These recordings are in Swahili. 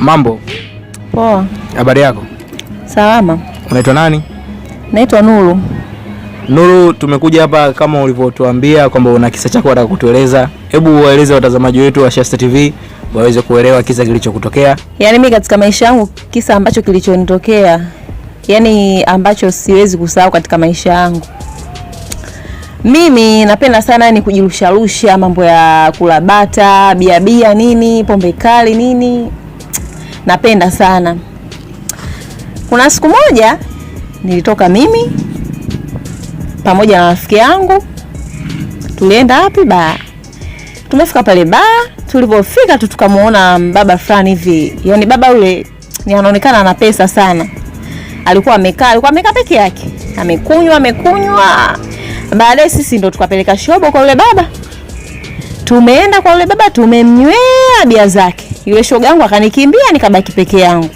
Mambo poa. Habari yako? Salama. Unaitwa nani? Naitwa Nuru. Nuru, tumekuja hapa kama ulivyotuambia kwamba una kisa chako unataka kutueleza. Hebu waeleze watazamaji wetu wa Shasta TV waweze kuelewa kisa kilichokutokea. Yaani mimi katika maisha yangu kisa ambacho kilichonitokea, yaani ambacho siwezi kusahau katika maisha yangu mimi napenda sana ni kujirusharusha mambo ya kulabata, biabia nini, pombe kali nini, napenda sana. Kuna siku moja nilitoka mimi pamoja na rafiki yangu, tulienda wapi ba? Tumefika pale baa, tulipofika tu tukamuona baba fulani hivi, yaani baba yule ni anaonekana ana pesa sana. Alikuwa amekaa, alikuwa amekaa peke yake, amekunywa amekunywa. Baadaye sisi ndo tukapeleka shobo kwa yule baba, tumeenda kwa yule baba, tumemnywea bia zake yule shoga yangu akanikimbia, nikabaki peke yangu.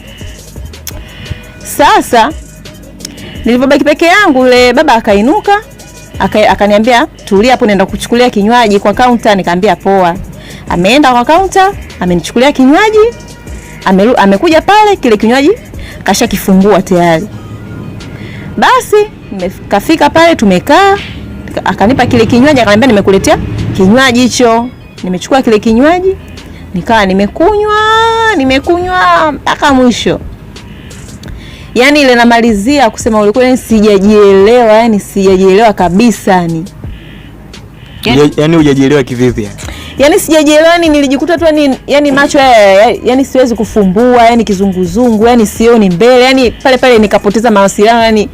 Sasa nilipobaki peke yangu, yule baba akainuka akaniambia aka tulia hapo, nenda kuchukulia kinywaji kwa kaunta. Nikamwambia poa. Ameenda kwa kaunta, amenichukulia kinywaji, ame, amekuja pale, kile kinywaji kasha kifungua tayari. Basi nimekafika pale, tumekaa, akanipa kile kinywaji, akaniambia nimekuletea kinywaji hicho. Nimechukua kile kinywaji nikawa nimekunywa nimekunywa mpaka mwisho, Yani ile namalizia kusema ulikuwa yaani sijajielewa, yani sijajielewa kabisa yani yani, yani yaani hujajielewa kivipi? Yani yaani sijajielewa ni nilijikuta tu yani, yani macho ya, ya, yani siwezi kufumbua yani kizunguzungu yani sioni mbele yani pale pale nikapoteza mawasiliano yani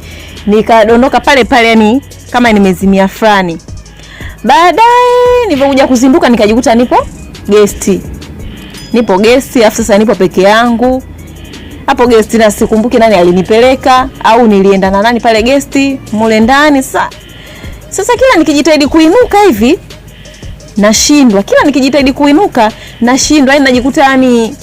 nikadondoka pale pale yani kama nimezimia fulani. Baadaye nilipokuja kuzinduka nikajikuta nipo gesti nipo gesti, alafu sasa nipo peke yangu hapo gesti, na sikumbuki nani alinipeleka au nilienda na nani pale gesti mule ndani. Sasa sasa kila nikijitahidi kuinuka hivi nashindwa, kila nikijitahidi kuinuka nashindwa, yani najikuta yani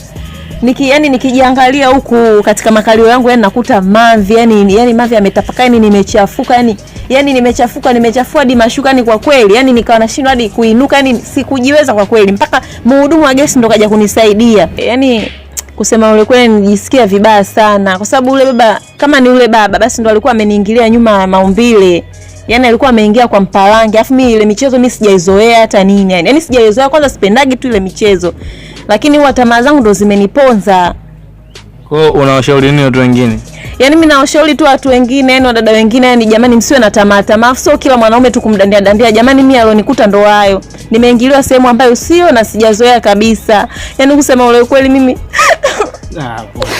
niki yani nikijiangalia huku katika makalio yangu yani nakuta mavi yani yani mavi yametapaka yani nimechafuka yani yani nimechafuka nimechafua hadi mashuka ni kwa kweli yani nikawa nashindwa hadi kuinuka yani sikujiweza kwa kweli mpaka mhudumu wa gesi ndo kaja kunisaidia yani kusema ule kweli nijisikia vibaya sana kwa sababu ule baba kama ni ule baba basi ndo alikuwa ameniingilia nyuma ya maumbile yani alikuwa ameingia kwa mpalange afu mimi ile michezo mimi sijaizoea hata nini yani, yani sijaizoea kwanza sipendagi tu ile michezo lakini huwa tamaa zangu ndo zimeniponza. Kwa hiyo unawashauri nini watu wengine? Yaani mimi nawashauri tu watu wengine, yani wadada wengine, yani jamani, msiwe na tamaa tamaa, sio kila mwanaume tu kumdandia dandia. Jamani, mimi alionikuta ndo hayo, nimeingiliwa sehemu ambayo sio na sijazoea kabisa, yani kusema ule kweli mimi ah,